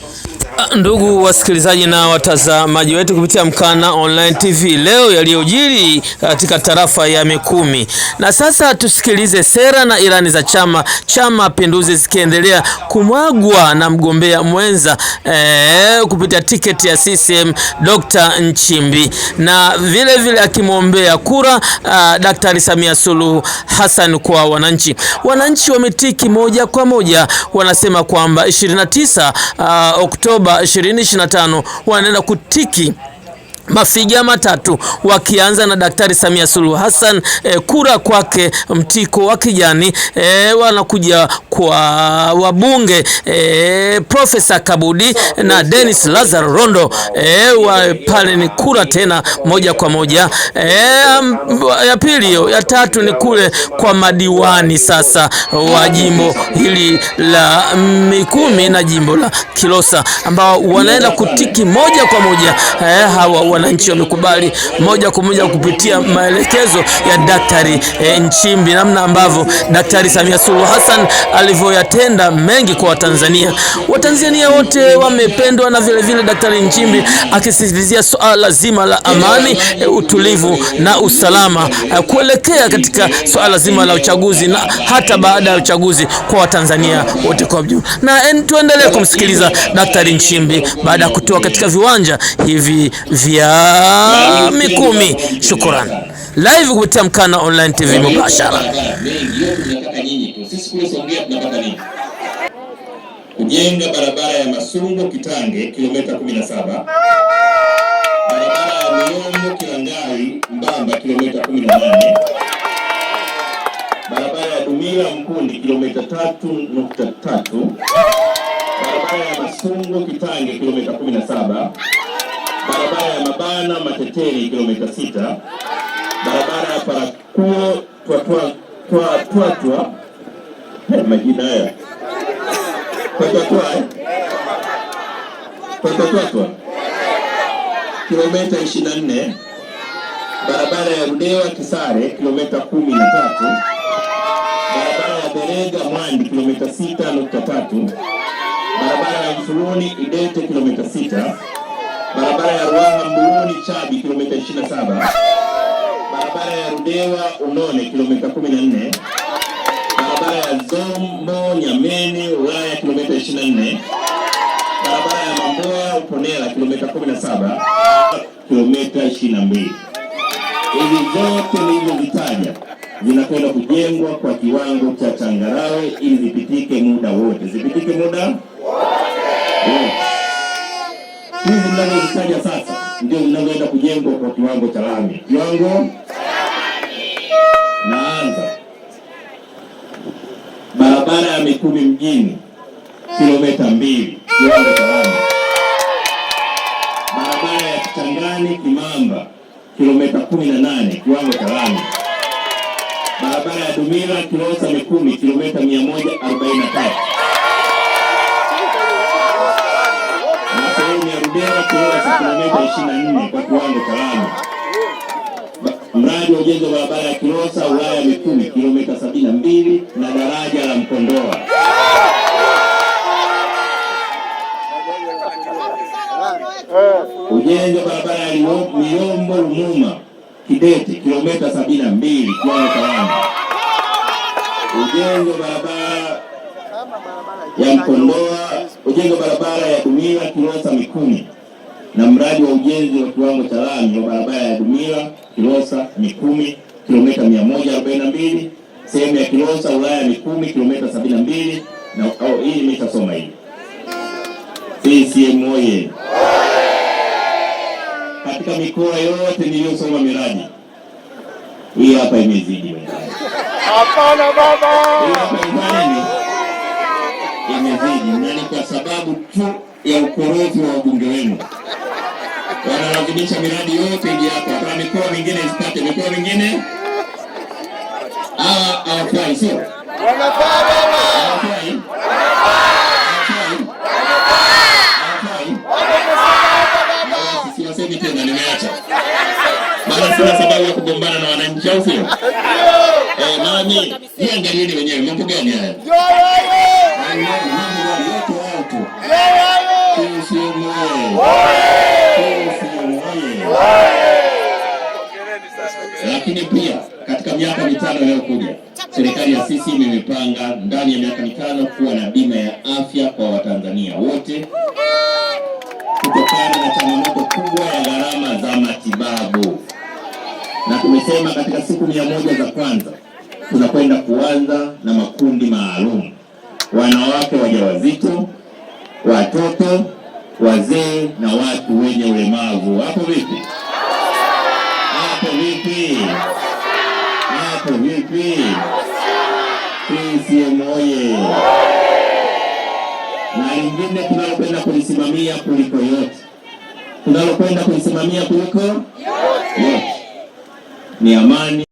Bottles Ndugu wasikilizaji na watazamaji wetu kupitia Mkana Online TV, leo yaliyojiri katika tarafa ya Mikumi. Na sasa tusikilize sera na ilani za Chama cha Mapinduzi zikiendelea kumwagwa na mgombea mwenza e, kupitia tiketi ya CCM Dr. Nchimbi na vile vile akimwombea kura a, ah, Daktari Samia Suluhu Hassan kwa wananchi. Wananchi wametiki moja kwa moja, wanasema kwamba 29 ah, Oktoba Oktoba 2025 wanaenda kutiki mafiga matatu wakianza na Daktari Samia Suluhu Hassan. E, kura kwake mtiko wa kijani e, wanakuja kwa wabunge e, Profesa Kabudi na Dennis Lazaro Rondo e, wa, pale ni kura tena moja kwa moja e, ya pili, ya tatu ni kule kwa madiwani sasa wa jimbo hili la Mikumi na jimbo la Kilosa ambao wanaenda kutiki moja kwa moja e, hawa wananchi wamekubali moja kwa moja kupitia maelekezo ya Daktari e, Nchimbi, namna ambavyo Daktari Samia Suluhu Hassan alivyoyatenda mengi kwa Watanzania. Watanzania wote wamependwa, na vile vile Daktari Nchimbi akisisitizia swala zima la amani e, utulivu na usalama e, kuelekea katika swala zima la uchaguzi na hata baada ya uchaguzi kwa Watanzania wote kwa ujumla. Na tuendelee kumsikiliza Daktari Nchimbi baada ya kutoa katika viwanja hivi vya ya Mikumi. Shukrani. Live kupitia Mkana Online TV mubashara. Kujenga barabara ya Masungo Kitange kilomita 17, barabara ya Miongo Kilangali Mbamba kilomita 18, barabara ya Dumila Mkundi kilomita 3.3, barabara ya Masungo Kitange kilomita 17 barabara ya Mabana Mateteri kilomita sita, barabara ya Parakuo Twatwatwa majina haya Twatwatwa eh? kilomita 24, barabara ya Rudewa Kisare kilomita kumi na tatu, barabara ya Berega Mwandi kilomita sita nukta barabara ya Mfuluni Idete kilomita sita barabara ya Ruaha mbuuni Chabi kilomita 27, barabara ya Rudewa Unone kilomita 14, barabara ya Zombo Nyamene Ulaya kilomita 24, barabara ya Mamboya Uponela kilomita 17, kilomita 22. Hivi zote nilivyovitaja zinakwenda kujengwa kwa kiwango cha changarawe ili zipitike muda wote, zipitike muda wote hizi mnazozitaja sasa ndio mnazoenda kujengwa kwa kiwango cha lami. Kiwango naanza barabara ya Mikumi mjini kilomita mbili, kiwango cha lami. Barabara ya Kichangani Kimamba kilomita kumi na nane, kiwango cha lami. Barabara ya dumira Kilosa Mikumi kilomita mia moja arobaini na tatu Kibera Kilwa kilomita ishirini na nne kwa kiwango cha lami. Mradi wa ujenzi wa barabara ya Kilosa wilaya ya Mikumi kilomita sabini na mbili na daraja la Mkondoa. Ujenzi wa barabara ya Miombo Lumuma Kidete kilomita sabini na mbili kiwango cha lami. Ujenzi wa barabara ya Mkondoa ujenzi wa barabara ya Dumila Kilosa Mikumi na mradi wa ujenzi wa kiwango cha lami wa barabara ya Dumila Kilosa Mikumi kilomita 142 sehemu ya Kilosa wilaya ya Mikumi kilomita 72 na au hii nimeshasoma hii. CCM oye! Katika mikoa yote niliyosoma miradi hii hapa imezidi. Hapana baba imezidi, na ni kwa sababu tu ya ukorofi wa wabunge wenu wanalazimisha miradi yote iji hapa kwa mikoa mingine isipate. Mikoa mingine hawafai, sio hawafai Siwasemi tena, nimeacha maana sina sababu ya kugombana na wananchi, au sio? Eh, Mami, iangalieni ndani ya miaka mitano kuwa na bima ya afya kwa Watanzania wote kutokana na changamoto kubwa ya gharama za matibabu, na tumesema katika siku mia moja za kwanza tunakwenda kuanza na makundi maalum: wanawake wajawazito, watoto, wazee na watu wenye ulemavu. Hapo vipi? Hapo vipi? lingine tunalopenda kulisimamia kuliko yote, tunalopenda kulisimamia kuliko yote ni amani.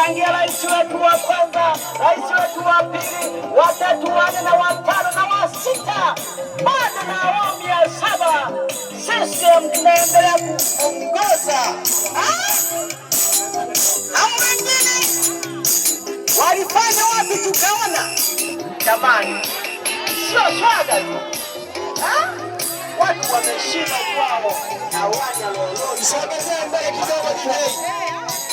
tangia rais wetu wa kwanza, rais wetu wa pili, wa tatu, wa nne na wa tano na wa sita, bado na awamu ya saba, sisi tunaendelea kuongoza. Hao wengine walifanya wapi? Tukaona jamani, sio swaga tu watu wameshinda kwao, na wanya lolote. Sogezea mbele kidogo.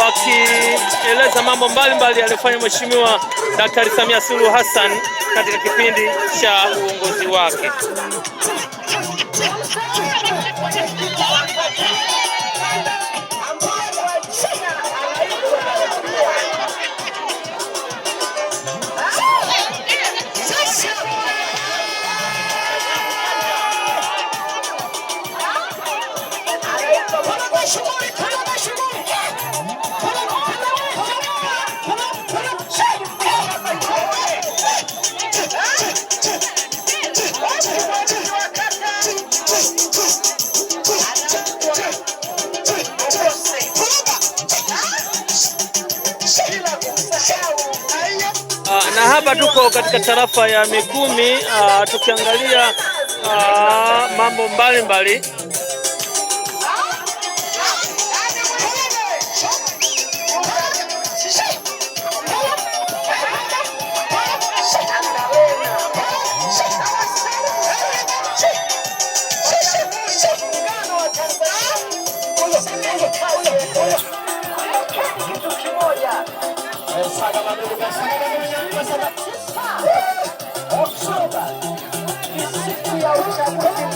wakieleza mambo mbalimbali aliyofanya Mheshimiwa Daktari Samia Suluhu Hassan katika kipindi cha uongozi wake. Hapa tuko katika tarafa ya Mikumi, uh, tukiangalia uh, mambo mbalimbali mbali. Okşu da. Gitsin bu yavrucak.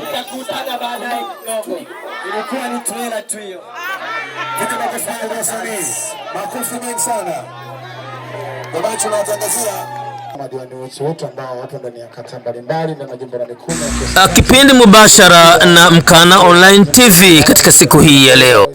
tutakutana baadaye kidogo. Ilikuwa ni trailer tu hiyo. Makofi mengi sana ambayo tunawatangazia madiwani wote ambao wapo ndani ya kata mbalimbali na majimbo ah, Kipindi mubashara na Mkana Online TV katika siku hii ya leo.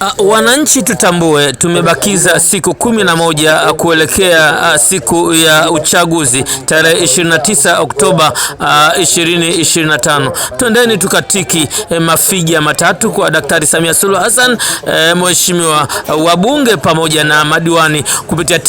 Ah, wananchi tutambue, tumebakiza siku kumi na moja kuelekea ah, siku ya uchaguzi tarehe 29 Oktoba 2025. Twendeni tukatiki eh, mafiga matatu kwa Daktari Samia Suluhu Hassan, eh, mheshimiwa wabunge pamoja na madiwani kupitia